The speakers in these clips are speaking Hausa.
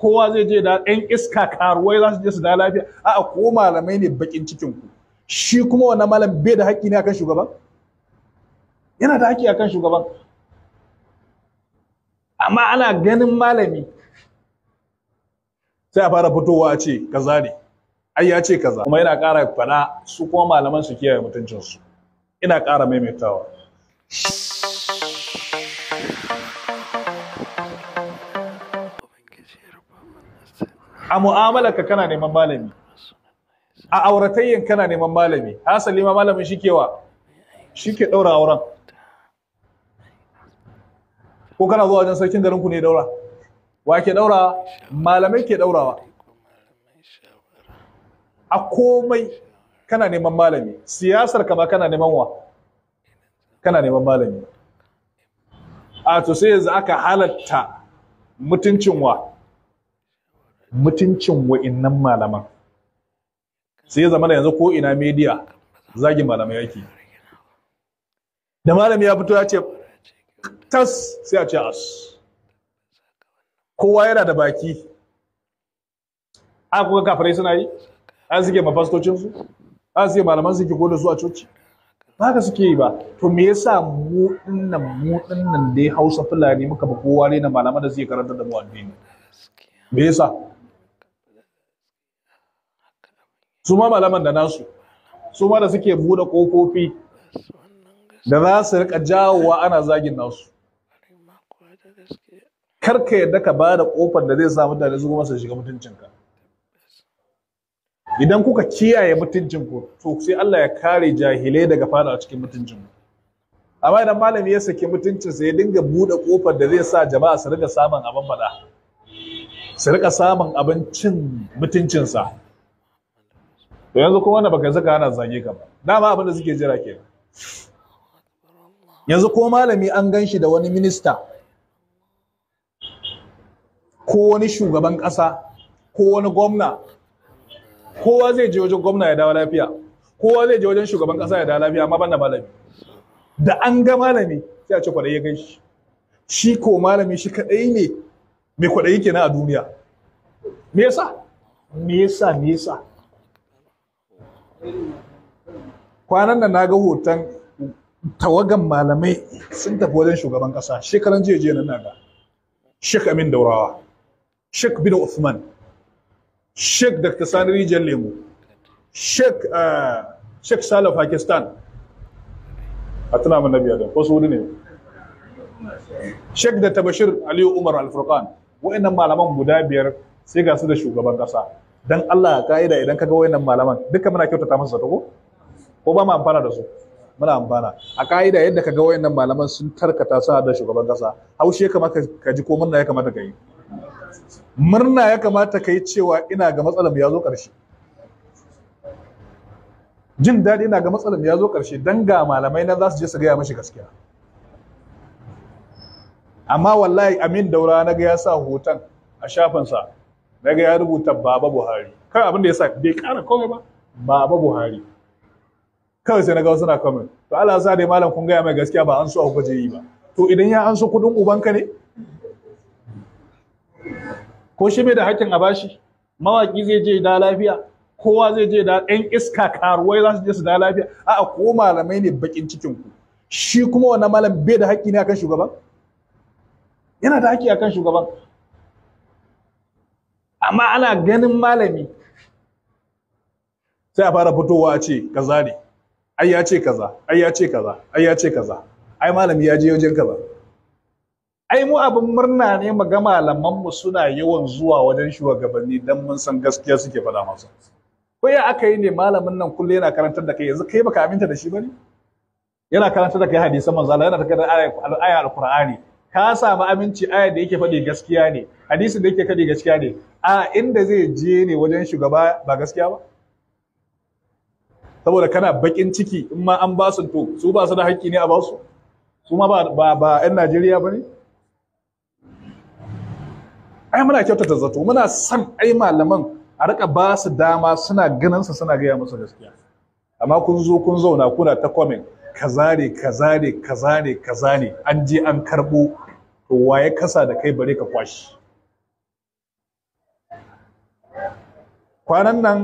kowa zai je da ɗan iska karuwai za su je su da lafiya a'a ko malamai ne bakin cikin ku shi kuma wannan malam bai da haƙƙi ne akan shugaban yana da haƙƙi akan shugaban amma ana ganin malami sai a fara fitowa a ce kaza ne ai ya ce kaza kuma yana ƙara fada su kuma malaman su kiyaye mutuncinsu ina ƙara maimaitawa a mu'amalarka kana neman malami a auratayyan kana neman malami hasali ma malamin shi kewa shi ke daura auren ko kana zuwa wajen sarkin garin ku ne daura wa ke daura malamai ke daurawa a komai kana neman malami siyasar ka ma kana neman wa kana neman malami a to sai yanzu aka halatta mutuncin wa mutuncin wa'innan malaman sai ya zama da yanzu ko ina media zagin malamai yake da malami ya fito ya ce tas sai a ce as kowa yana da baki a kuka kafirai suna yi an suke mafastocinsu an suke malaman suke kodo su a coci ba haka suke yi ba to me yasa mu dinnan mu dinnan ya Hausa Fulani muka ba kowa ne na malaman da suke karanta da mu addini me yasa su malaman da nasu su ma da suke bude ƙofofi da za su rika jawowa ana zagin nasu karka yadda ka bada ƙofar da zai sa mutane su kuma su shiga mutuncinka idan kuka kiyaye mutuncinku to sai Allah ya kare jahilai daga fada cikin mutuncinku amma idan malami ya saki mutuncinsa ya dinga buɗe ƙofar da zai sa jama'a su rika samun abin faɗa su rika samun abincin mutuncinsa to yanzu kuma wanda baka saka ana zage ka ba dama abin da suke jira ke. yanzu ko malami an gan shi da wani minista ko wani shugaban ƙasa ko wani gwamna kowa zai je wajen gwamna ya dawo lafiya kowa zai je wajen shugaban ƙasa ya dawo lafiya amma ban da malami da an ga malami sai a ce kwaɗayi ya gaishe shi ko malami shi kaɗai ne mai kwaɗayi kenan a duniya me yasa me yasa me yasa kwanan nan na ga hoton tawagan malamai sun tafi wajen shugaban kasa shekaran jiya na nan ga Sheikh Amin Daurawa shek Bin Uthman Sheikh Dr. Sani Rijiyar Lemu shek Sheikh eh, Pakistan a tuna min nabi Adam wasu wuri ne shek da Tabashir Aliyu Umar Al-Furqan wa'annan malaman guda biyar sai ga su da shugaban kasa dan Allah ka'ida idan kaga wayannan malaman duka muna kyautata masa zato ko ko ba mu amfana da su muna amfana a ka'ida yadda kaga wayannan malaman sun tarkata su da shugaban kasa haushe kamata ka ji ko murna ya kamata ka yi murna ya kamata ka yi cewa ina ga matsalar ya zo ƙarshe jin daɗi ina ga matsalar ya zo ƙarshe dan ga malamai na za su je su gaya mashi gaskiya amma wallahi amin daura na ga ya sa hoton a shafinsa daga ya rubuta baba buhari kai abin da ya sa bai kara kome ba baba buhari kawai sai na ga wasu na comment to Allah sa dai malam kun gaya mai gaskiya ba an so a kwaje yi ba to idan ya an so kudin ubanka ne ko shi bai da hakkin a bashi mawaki zai je da lafiya kowa zai je da ɗan iska karuwai za su je su da lafiya a'a ko malamai ne bakin cikin ku shi kuma wannan malam bai da haƙƙi ne akan shugaban yana da haƙƙi akan shugaban amma ana ganin malami sai a fara fitowa a ce kaza ne ai ya ce kaza ai ya ce kaza ai ya ce kaza ai malami ya je wajen kaza ai mu abin murna ne mu ga malaman mu suna yawan zuwa wajen shugabanni dan mun san gaskiya suke faɗa masa ko ya aka yi ne malamin nan kullu yana karantar da kai yanzu kai baka aminta da shi bane yana karantar da kai hadisan manzo yana karantar da aya alqur'ani ka samu aminci aya da yake faɗi gaskiya ne hadisin da yake faɗi gaskiya ne a inda zai je ne wajen shugaba ba gaskiya ba saboda kana bakin ciki in ma an basu to su ba su da haƙƙi ne a basu su ma ba ba 'yan Najeriya ba ne ai muna kyautata zato muna son ai malaman a rika ba su dama suna ganin su suna gaya musu gaskiya amma kun zo kun zauna kuna ta comment kaza ne kaza ne kaza ne kaza ne an je an karbo to waye kasa da kai bare ka kwashi kwanan nan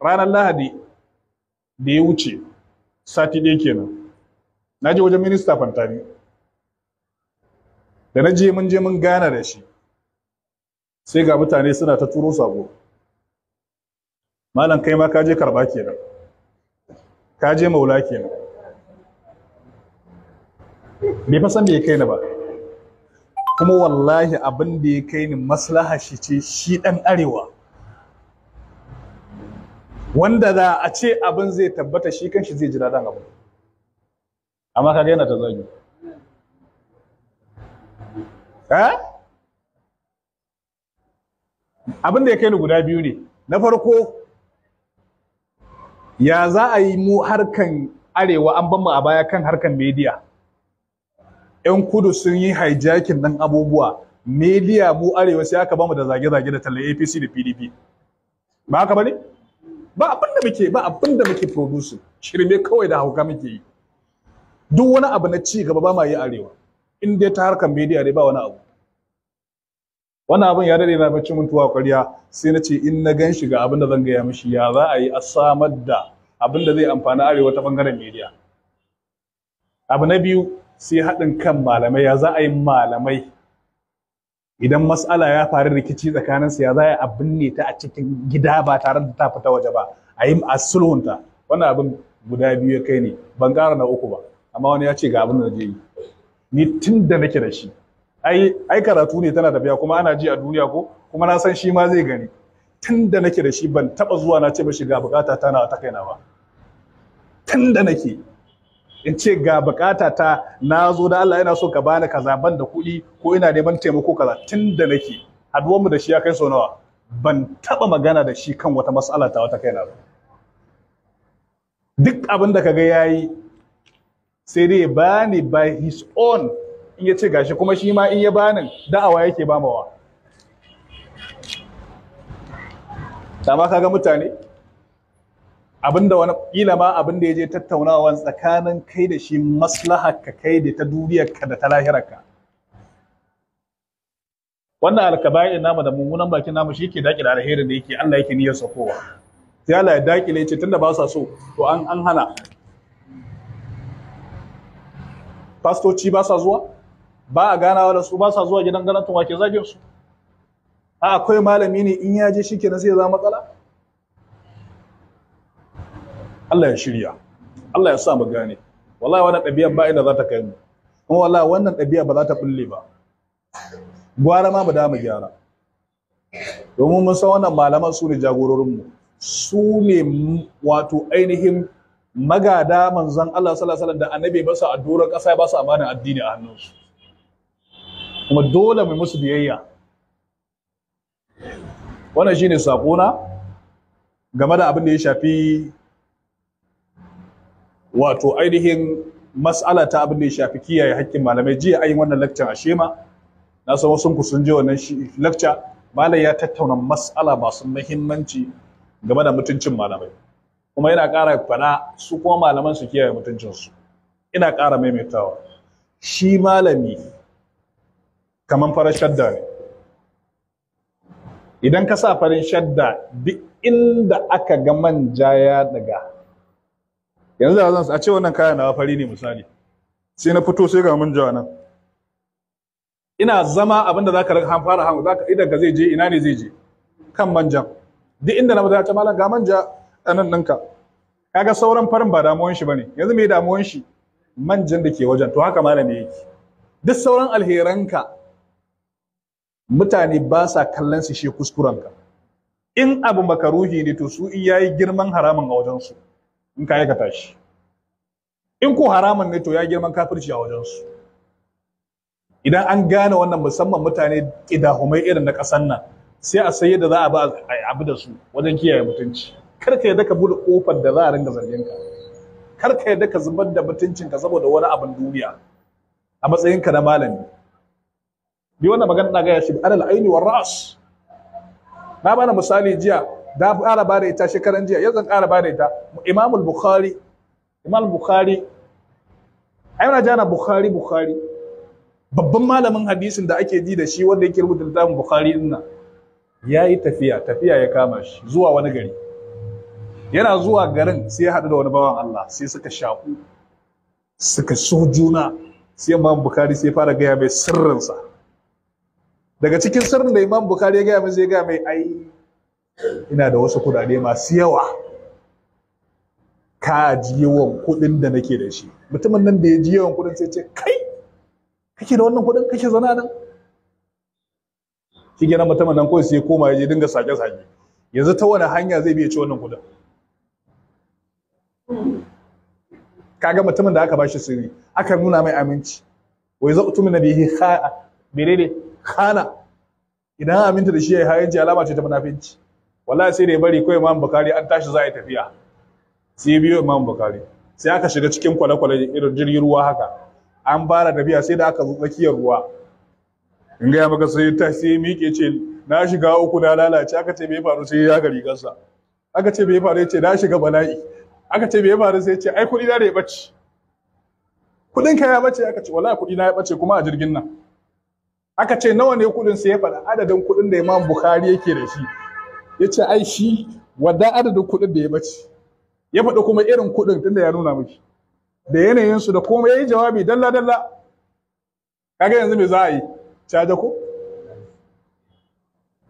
ranar lahadi da ya wuce sati ɗaya kenan na je wajen minista fantani da na je mun je mun gana da shi sai ga mutane suna ta turo sabo malam kai ma ka je karba kenan ka je maula kenan bai fa san kai ni ba kuma wallahi abin da ya kai ni maslaha shi ce shi ɗan arewa wanda za a ce abin zai tabbata shi kanshi zai ji daɗin abin amma ka yana ta zagi eh? abin da ya kai ni guda biyu ne na farko ya za a yi mu harkan arewa an ban mu a baya kan harkan media yan kudu sun yi hijacking nan abubuwa media mu arewa sai aka ba mu da zage-zage da Talle apc da pdp ba haka ba ne ba abin da muke ba abin muke producing shirme kawai da hauka muke yi duk wani abu na ci gaba ba ma yi arewa in dai ta harkar media ne ba wani abu wannan abin ya dade na bacci mutuwa ƙwarya sai na ce in na gan shi ga abin da zan gaya mishi ya za a yi a samar da abin da zai amfani arewa ta bangaren media abu na biyu sai haɗin kan malamai ya za a yi malamai idan matsala ya faru rikici tsakanin su ya za a ne ta a cikin gida ba tare da ta fita waje ba a yi a sulhunta wannan abin guda biyu ya kai ne ban ƙara na uku ba amma wani ya ce ga abin da je yi ni tun da nake da shi ai ai karatu ne tana tafiya kuma ana ji a duniya ko kuma na san shi ma zai gani tun da nake da shi ban taba zuwa na ce mishi ga bukata tana ta kaina ba tun da nake in ce ga bukata ta na zo da Allah yana so ka bani kaza ban da kuɗi ko ina neman taimako kaza tun da nake haduwar mu da shi ya kai so nawa ban taba magana da shi kan wata matsala ta wata kaina ba duk abin da kaga yayi sai dai ya bani by his own in ya ce gashi kuma shi ma in ya bani da'awa yake bamawa ta ma kaga mutane abinda wani kila ma abin da ya je tattaunawa tsakanin kai da shi maslahar ka kai da ta duniyar ka da ta lahirar ka wannan alkaba'in namu da mummunan bakin namu shi ke daƙile alherin da yake Allah yake niyyar sakowa sai Allah ya daƙile ce tunda ba sa so to an an hana fastoci ba sa zuwa ba a ganawa da su ba sa zuwa gidan ganatun wake zagin su a akwai malami ne in ya je shi kenan sai ya zama matsala Allah ya shirya Allah ya sa mu gane wallahi wannan ɗabi'ar ba ina za ta kai mu kuma wallahi wannan ɗabi'a ba za ta bulle ba gwara ma ba da mu gyara domin mun san wannan malaman su ne jagororin mu. su ne wato ainihin magada manzon Allah sallallahu alaihi da annabi ba su a doron ba su amana addini a hannunsu kuma dole mu musu biyayya wannan shine sakona game da abin da ya shafi wato ainihin mas'ala ta abin da ya shafi kiyaye hakkin malamai jiya ayin wannan lecture a shema na san wasu ku sun je wannan lecture malam ya tattauna mas'ala masu muhimmanci game da mutuncin malamai kuma yana ƙara fada su kuma malaman su kiyaye mutuncinsu ina ƙara maimaitawa shi malami Kamar farar shadda ne idan ka sa farin shadda duk inda aka ga manja ya daga yanzu da zansu a ce wannan kaya na fari ne misali sai na fito sai ga mun jawa nan ina zama abin da zaka fara hango zaka idan ka zai je ina ne zai je kan manjan duk inda na mata ta malam ga manja anan ɗinka kaga sauran farin ba damuwan shi bane yanzu me damuwan shi manjan da ke wajen to haka malami yake duk sauran alheranka mutane ba sa kallon su shi kuskurenka in abu makaruhi ne to su in yi girman haramin a wajensu su in ka aikata shi in ko haraman ne to ya girman kafirci a wajensu idan an gane wannan musamman mutane idahumai irin na kasan nan sai a sai da za a ba abu da su wajen kiyaye mutunci kar ka yadda ka bude kofar da za a ringa zargin ka kar ka yadda ka zubar da mutuncinka saboda wani abin duniya a ka na malami bi wannan magana na gaya shi alal aini wa ras na bana misali jiya da ƙara ba da ita shekaran jiya yau zan ƙara ba da ita imamul bukhari imam bukhari ai muna jana bukhari bukhari babban malamin hadisin da ake ji da shi wanda yake rubuta littafin bukhari din nan ya yi tafiya tafiya ya kama shi zuwa wani gari yana zuwa garin sai ya haɗu da wani bawan Allah sai suka shaku suka so juna sai imam bukhari sai fara gaya mai sirrinsa daga cikin sirrin da imam bukhari ya gaya mai zai gaya mai ai ina da wasu kuɗaɗe masu yawa ka ji yawan kuɗin da nake da shi mutumin nan da ya ji yawan kuɗin sai ce kai kake da wannan kuɗin kake zana nan shi gina mutumin nan kawai sai koma ya je dinga sake-sake yanzu ta wani hanya zai biya ci wannan kudin kaga mutumin da aka bashi sirri aka nuna mai aminci wai za utumin da bihi kha'a menene khana idan aminta da shi ya yi hayanci alama ce ta munafinci wallahi sai da ya bari ko imam bukari an tashi za a yi tafiya sai ya biyo imam bukari sai aka shiga cikin kwale-kwale irin jirgin ruwa haka an fara tafiya sai da aka zo tsakiyar ruwa in gaya maka sai ta sai miƙe ce na shiga uku na lalace aka ce bai faru sai ya ga rigarsa aka ce bai faru ce na shiga bala'i aka ce bai faru sai ce ai kuɗi na da ya bace kuɗin ka ya bace aka ce wallahi kuɗi na ya bace kuma a jirgin nan aka ce nawa ne kuɗin sai ya faɗa adadin kuɗin da Imam Bukhari yake da shi ya ce ai shi wadda adadin kuɗin da ya bace ya faɗi kuma irin kuɗin tunda ya nuna miki da yanayinsu da komai ya yi jawabi dalla dalla kaga yanzu me za a yi caja ko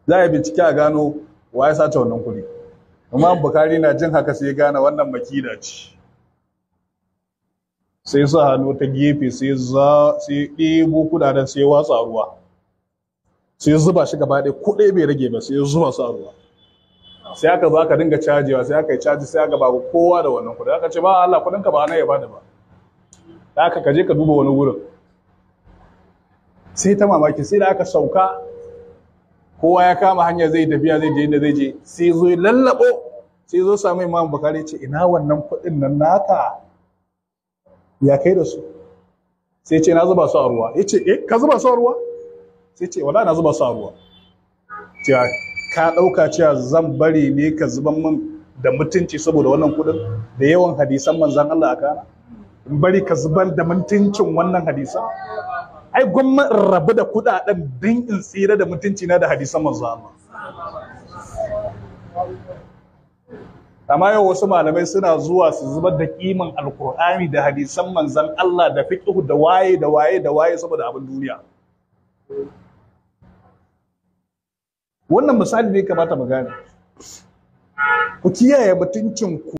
za a bincike a gano wa ya sace wannan kuɗi amma bukari na jin haka sai ya gane wannan makina ce sai sa hannu ta gefe sai za sai ɗebo kudaden sai watsa ruwa sai zuba shi gaba ɗaya kuɗai bai rage ba sai zuba su a ruwa sai aka zo aka dinga cajewa sai aka yi caji sai aka ba kowa da wannan kudi aka ce ba Allah kudin ka ba na ya bada ba da aka kaje ka duba wani gurin sai ta mamaki sai da aka sauka kowa ya kama hanya zai tafiya zai je inda zai je sai zo lallabo sai zo samu imam bukari ce ina wannan kuɗin nan naka ya kai da su sai ce na zuba su a ruwa ya ce eh ka zuba su a ruwa sai ce wala na zuba su a ruwa ce ka ɗauka cewa zan bari ne ka zuban min da mutunci saboda wannan kuɗin da yawan hadisan manzan Allah a kana in bari ka zuban da mutuncin wannan hadisan ai gwamma in rabu da kuɗaɗen din in tsira da mutunci na da hadisan manzan Allah amma yau wasu malamai suna zuwa su zubar da kiman alkur'ani da hadisan manzan Allah da fiqh da waye da waye da waye saboda abin duniya wannan misali ne kamata mu gane ku kiyaye mutuncin ku